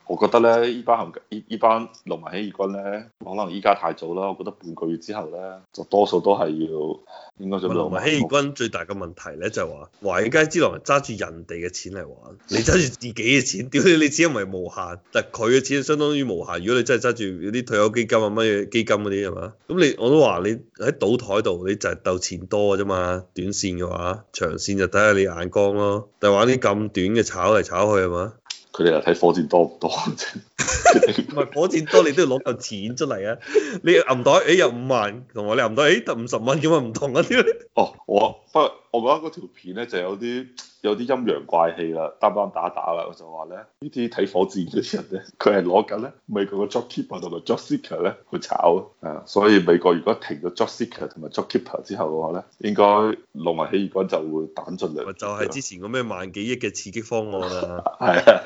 我覺得咧，呢班行呢呢班農民起義軍咧，可能依家太早啦。我覺得半個月之後咧，就多數都係要應該做農民起義軍最大嘅問題咧，就係、是、話華爾街之狼揸住人哋嘅錢嚟玩，你揸住自己嘅錢，屌你 你錢唔係無限，但係佢嘅錢相當於無限。如果你真係揸住啲退休基金啊乜嘢基金嗰啲係嘛，咁你我都話你喺賭台度，你就係鬥錢多啫嘛。短線嘅話，長線就睇下你眼光咯。但係玩啲咁短嘅炒嚟炒去係嘛？佢哋又睇火箭多唔多？ 唔係 火箭多，你都要攞嚿錢出嚟啊！你銀袋誒又五萬，欸、萬同我你銀袋誒得五十蚊，點解唔同啊？啲哦，我不過，我覺得嗰條片咧就有啲有啲陰陽怪氣啦，單單打打啦。我就話咧，呢啲睇火箭嗰啲人咧，佢係攞緊咧美國嘅 job keeper 同埋 job seeker 咧去炒啊，所以美國如果停咗 job seeker 同埋 job keeper Keep、er、之後嘅話咧，應該農民起義軍就會彈進嚟。就係之前個咩萬幾億嘅刺激方案啊！係啊。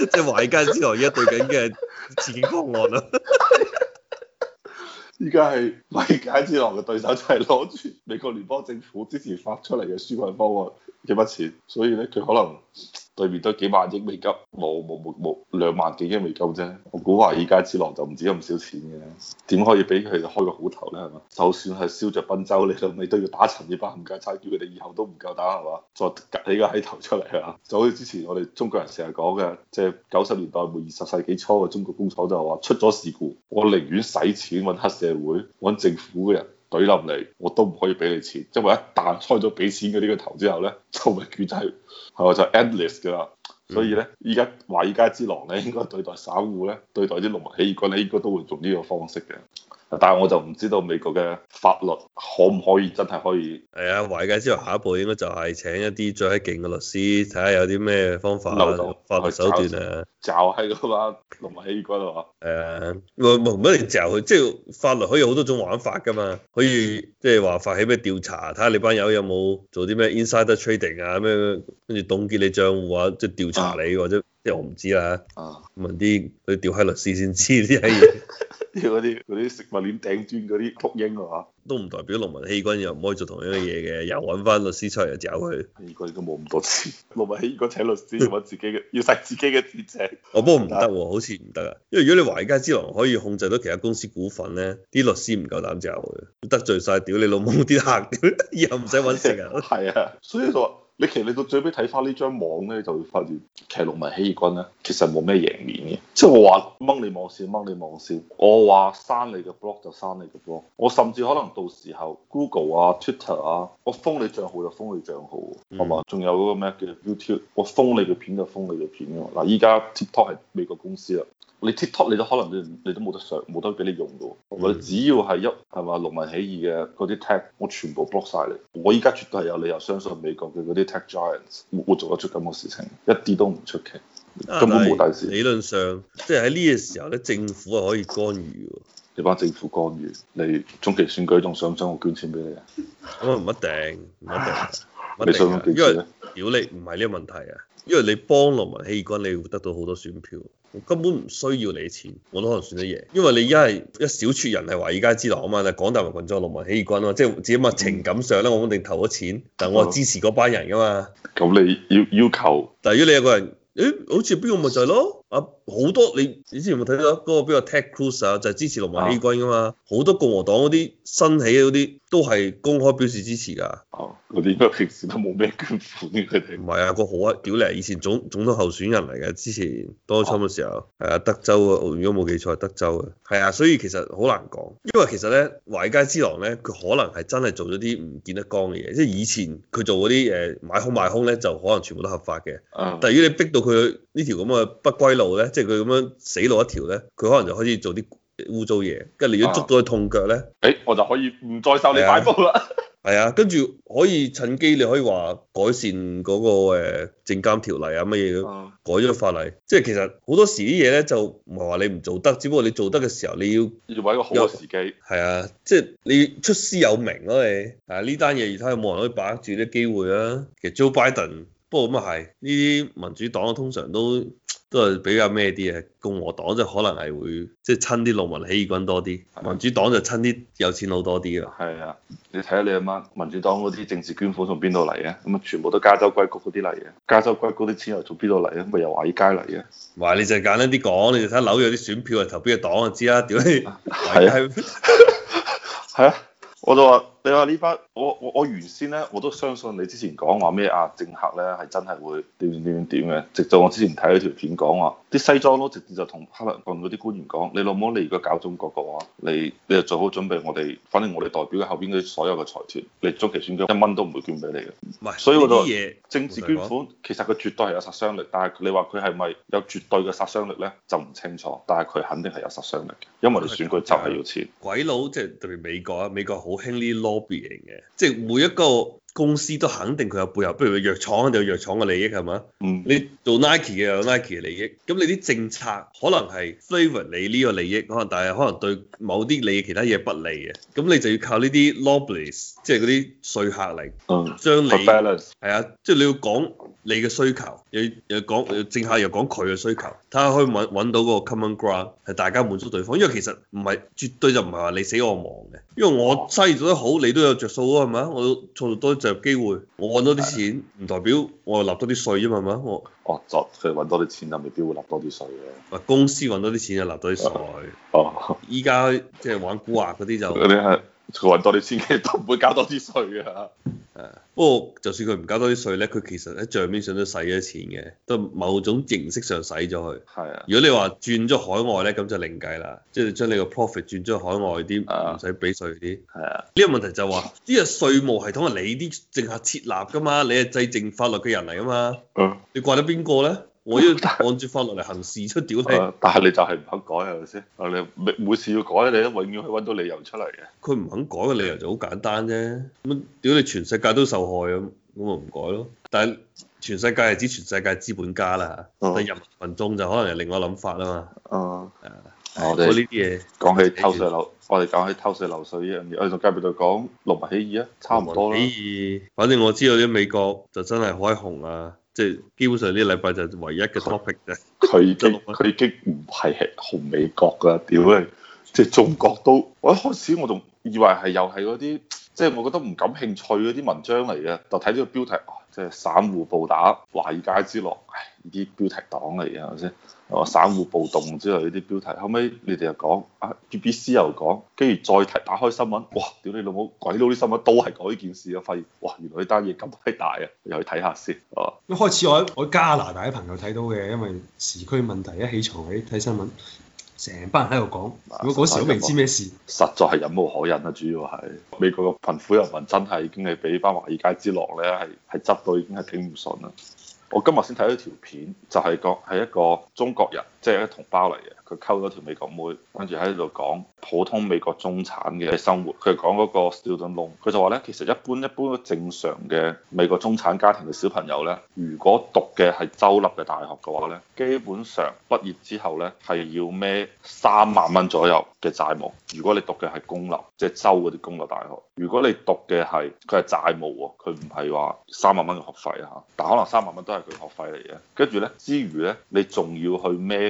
即係華爾街之狼依家對緊嘅指控案啦，依家係華爾街之狼嘅對手就係攞住美國聯邦政府之前發出嚟嘅書款方案幾筆錢。所以咧佢可能。裏面都幾萬億美金。冇冇冇冇兩萬幾億未夠啫。我估話華爾街之狼就唔止咁少錢嘅，點可以俾佢開個好頭呢？係嘛？就算係燒着賓州你都，你都要打沉啲班冚家鏟，叫佢哋以後都唔夠打係嘛？再揀起個喺頭出嚟啊！就好似之前我哋中國人成日講嘅，即係九十年代末二十世紀初嘅中國工廠就話出咗事故，我寧願使錢揾黑社會揾政府嘅人。懟冧你，我都唔可以俾你錢，因為一旦開咗俾錢嘅呢個頭之後咧，就咪決就係係咪就 endless 噶啦，所以咧依家華爾街之狼咧應該對待散戶咧，對待啲農民起義軍咧，應該都會做呢個方式嘅。但係我就唔知道美國嘅法律可唔可以真係可以？係啊、哎，懷疑之後下一步應該就係請一啲最閪勁嘅律師，睇下有啲咩方法、法律手段啊，就喺嗰班六米嗰度啊。係啊，唔、哎、一定就佢，即係法律可以好多種玩法㗎嘛，可以即係話發起咩調查，睇下你班友有冇做啲咩 insider trading 啊咩，跟住凍結你賬戶啊，即、就、係、是、調查你或者。啊即係我唔知啦，問啲佢調下律師先知啲閪嗰啲啲食物鏈頂端嗰啲禿鷹啊嘛， 都唔代表農民起義軍又唔可以做同樣嘅嘢嘅，又揾翻律師出嚟就找佢，應該 都冇咁多錢，農民起義軍請律師揾自己嘅， 要使自己嘅錢剩， 我不過唔得，好似唔得啊，因為如果你華爾街之狼可以控制到其他公司股份咧，啲律師唔夠膽找佢，得罪晒屌你老母啲客，以後唔使揾食啊，係啊，所以話。你其實你到最尾睇翻呢張網咧，就會發現啲農民起義軍咧，其實冇咩贏面嘅。即係我話掹你網線，掹你網線；我話刪你嘅 blog 就刪你嘅 blog。我甚至可能到時候 Google 啊、Twitter 啊，我封你帳號就封你帳號，好嘛、嗯？仲有嗰個咩叫 YouTube，我封你嘅片就封你嘅片。嗱，依家 TikTok 係美國公司啦。你 TikTok 你都可能你你都冇得上，冇得俾你用噶喎。我只要係一係話農民起義嘅嗰啲 tech，我全部 block 晒你。我依家絕對係有理由相信美國嘅嗰啲 tech giants 會做得出咁嘅事情，一啲都唔出奇，根本冇大事。啊、理論上即係喺呢個時候咧，政府係可以干預喎。你班政府干預，你中期選舉仲想唔想我捐錢俾你啊？咁啊唔一定，唔一定，唔一定，因為屌你唔係呢個問題啊！因為你幫農民起義軍，你會得到好多選票。我根本唔需要你錢，我都可能選得贏。因為你而家係一小撮人係華爾街之狼啊嘛，就廣大民群眾農民起義軍咯，即係至起碼情感上咧，我肯定投咗錢，但係我係支持嗰班人噶嘛。咁、嗯、你要要求？但如果你有個人，誒，好似邊個咪就係咯？啊，好多你以前有冇睇到嗰個邊個 Ted Cruz 啊？就係、是、支持農民起義軍噶嘛，好、啊、多共和黨嗰啲新起嗰啲都係公開表示支持噶。哦、啊，嗰啲都該平時都冇咩捐款佢哋。唔係啊，嗰個好啊屌你！以前總總統候選人嚟嘅，之前當初嘅時候係啊，啊德州啊，如果冇記錯德州嘅。係啊，所以其實好難講，因為其實咧華爾街之狼咧，佢可能係真係做咗啲唔見得光嘅嘢，即、就、係、是、以前佢做嗰啲誒買空賣空咧，就可能全部都合法嘅。啊、但係如果你逼到佢呢條咁嘅不歸，做咧，即係佢咁樣死路一條咧，佢可能就可以做啲污糟嘢，跟住如果你捉到佢痛腳咧，誒、啊欸，我就可以唔再受你擺佈啦。係啊，啊，跟住可以趁機你可以話改善嗰個誒證監條例啊乜嘢，啊、改咗個法例。啊、即係其實好多時啲嘢咧就唔係話你唔做得，只不過你做得嘅時候你要要搵一個好嘅時機。係啊，即係你出師有名咯、啊、你。係啊，呢單嘢而睇下有冇人可以把握住啲機會啊。其實 Joe Biden。不過咁啊係，呢啲民主黨通常都都係比較咩啲嘅，共和黨就可能係會即係親啲農民起義軍多啲，啊啊，民主黨就親啲有錢佬多啲嘅。係啊，你睇下你阿媽民主黨嗰啲政治捐款從邊度嚟啊？咁啊全部都加州硅谷嗰啲嚟嘅，加州硅谷啲錢又從邊度嚟啊？咁啊又華爾街嚟嘅。哇！你就簡單啲講，你就睇下紐約啲選票投黨就知啊投邊個黨就知啦。屌你，係啊，我話。你話呢班我我我原先咧我都相信你之前講話咩啊政客咧係真係會點點點點嘅，直到我之前睇咗條片講話啲西裝佬直接就同哈薩克嗰啲官員講，你老母你如果搞中國嘅話，你你就做好準備，我哋反正我哋代表嘅後邊嗰啲所有嘅財團，你中期選舉一蚊都唔會捐俾你嘅。唔係，所以嗰度啲嘢政治捐款其實佢絕對係有殺傷力，但係你話佢係咪有絕對嘅殺傷力咧就唔清楚，但係佢肯定係有殺傷力嘅，因為你選舉就係要錢。鬼佬即係特別美國啊，美國好興呢啲 lobbying 嘅，即係每一個公司都肯定佢有背後，不如藥廠就有藥廠嘅利益係嘛？嗯，你做 Nike 嘅有 Nike 嘅利益，咁你啲政策可能係 favour 你呢個利益，可能但係可能對某啲你其他嘢不利嘅，咁你就要靠呢啲 lawyers 即係嗰啲稅客嚟，將你係啊，即係你要講你嘅需求，又又講政客又講佢嘅需求，睇下可唔可以揾揾到嗰個 common ground 係大家滿足對方。因為其實唔係絕對就唔係話你死我亡嘅，因為我生意做得好，你都有着數啊，係咪啊？我創造多啲就業機會，我揾多啲錢，唔代表我係納多啲稅啊嘛，係咪我哦，作佢揾多啲錢啊，未必會納多啲稅嘅。啊，公司揾多啲錢就納多啲稅。哦，依家即係玩蠱惑嗰啲就佢揾多啲錢，佢都唔會交多啲稅嘅。係，不過就算佢唔交多啲稅咧，佢其實喺帳面上都使咗錢嘅，都某種形式上使咗佢。係啊，如果你話轉咗海外咧，咁就另計啦，即係將你個 profit 轉咗海外啲，唔使俾稅啲。係啊，呢、啊啊、個問題就係話，呢、呢個稅務系統係你啲政客設立噶嘛，你係制定法律嘅人嚟噶嘛。嗯、啊。你怪得邊個咧？我要按住法律嚟行事，出屌你，但係你就係唔肯改，係咪先？你每次要改，你都永遠去揾到理由出嚟嘅。佢唔肯改嘅理由就好簡單啫。咁屌你全世界都受害咁，咁咪唔改咯？但係全世界係指全世界資本家啦，嗯、但係人民民眾就可能係另外嘅諗法啊嘛。哦、嗯，係、哎。我哋講起偷稅漏，我哋講起偷稅漏稅依樣嘢，我哋就介面度講農民起義啊，差唔多起義，反正我知道啲美國就真係開紅啊。即係基本上呢個禮拜就唯一嘅 topic 啫。佢已經佢 已經唔係紅美國㗎，屌咧？即係中國都，我一開始我仲以為係又係嗰啲，即係我覺得唔感興趣嗰啲文章嚟嘅。就睇呢個標題，即係散戶暴打華爾街之狼，唉，呢啲標題黨嚟嘅，係咪先？哦，散戶暴動之類呢啲標題，後尾你哋又講啊，BBC 又講，跟住再睇打開新聞，哇！屌你老母，鬼佬啲新聞都係講呢件事啊！發現哇，原來呢單嘢咁閪大啊！又去睇下先哦。一，啊，開始我我加拿大啲朋友睇到嘅，因為時區問題，一起床喺睇新聞，成班人喺度講，如果嗰時我明知咩事，實在係忍無可忍啊！主要係美國嘅貧苦人民真係已經係俾班華爾街之狼咧，係係執到已經係頂唔順啦。我今日先睇到條片，就係講係一個中國人。即係一同胞嚟嘅，佢溝咗條美國妹，跟住喺度講普通美國中產嘅生活。佢講嗰個 student loan，佢就話咧，其實一般一般正常嘅美國中產家庭嘅小朋友咧，如果讀嘅係州立嘅大學嘅話咧，基本上畢業之後咧係要孭三萬蚊左右嘅債務。如果你讀嘅係公立，即係州嗰啲公立大學，如果你讀嘅係佢係債務喎，佢唔係話三萬蚊嘅學費啊嚇，但可能三萬蚊都係佢學費嚟嘅。跟住咧之餘咧，你仲要去孭。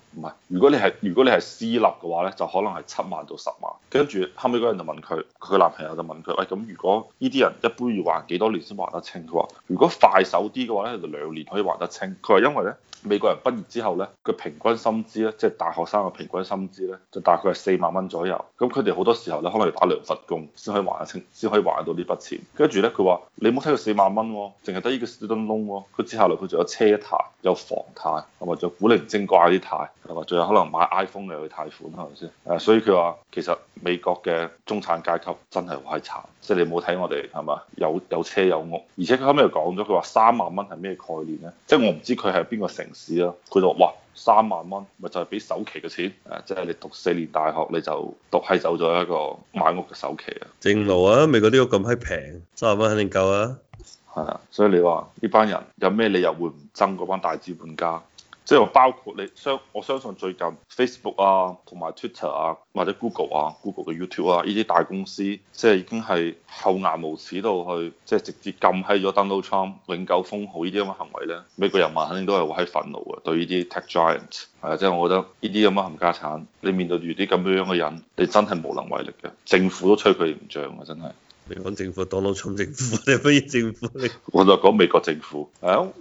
唔係，如果你係如果你係私立嘅話咧，就可能係七萬到十萬。跟住後尾嗰人就問佢，佢男朋友就問佢：喂、哎，咁如果呢啲人一般要還幾多年先還得清？佢話：如果快手啲嘅話咧，就兩年可以還得清。佢話因為咧，美國人畢業之後咧，佢平均薪資咧，即係大學生嘅平均薪資咧，就大概係四萬蚊左右。咁佢哋好多時候咧，可能要打兩份工先可以還得清，先可以還，得可以還得到呢筆錢。跟住咧，佢話你冇睇到四萬蚊、哦，淨係得呢個 student loan。佢接下來佢仲有車貸、有房貸，同埋仲有古靈精怪啲貸。係嘛？仲有可能買 iPhone 嚟去貸款，啊，係咪先？誒，所以佢話其實美國嘅中產階級真係好閪慘，即係你冇睇我哋係嘛？有有車有屋，而且佢後尾又講咗，佢話三萬蚊係咩概念咧？即係我唔知佢係邊個城市啊。佢就話：哇，三萬蚊咪就係俾首期嘅錢啊！即係你讀四年大學你就讀係走咗一個買屋嘅首期啊！正路啊，嗯、美國呢啲屋咁閪平，三萬蚊肯定夠啊！係啊，所以你話呢班人有咩理由會唔爭嗰班大資本家？即係包括你相，我相信最近 Facebook 啊，同埋 Twitter 啊，或者 Google 啊，Google 嘅 YouTube 啊，呢啲大公司，即係已經係厚顏無恥到去，即係直接禁閪咗 Donald Trump 永久封號呢啲咁嘅行為咧，美國人民肯定都係好閪憤怒嘅對呢啲 Tech Giant，係即係我覺得呢啲咁嘅冚家鏟，你面對住啲咁樣樣嘅人，你真係無能為力嘅，政府都吹佢唔脹啊，真係。你講政府 Donald Trump 政府，你乜嘢政府我就講美國政府，係咯。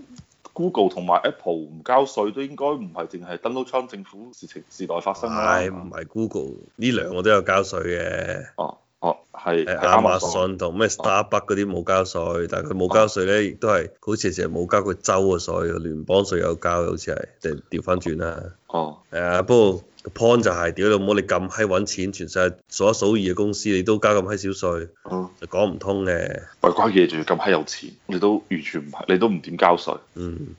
Google 同埋 Apple 唔交稅都應該唔係淨係 Donald Trump 政府事情時代發生啦。唔係、哎、Google 呢兩個都有交稅嘅，哦。哦 Amazon，Amazon 哦，係。係 Amazon 同咩 Starbucks 嗰啲冇交稅，但係佢冇交稅咧，亦都係好似成日冇交佢州嘅稅，聯邦稅有交，好似係。即係調翻轉啦。哦。係啊，不過。point 就係屌你老母，你咁閪揾錢，全世界數一數二嘅公司，你都交咁閪少稅，就講唔通嘅。唔關嘅嘢，仲要咁閪有錢，你都完全唔係，你都唔點交稅。嗯。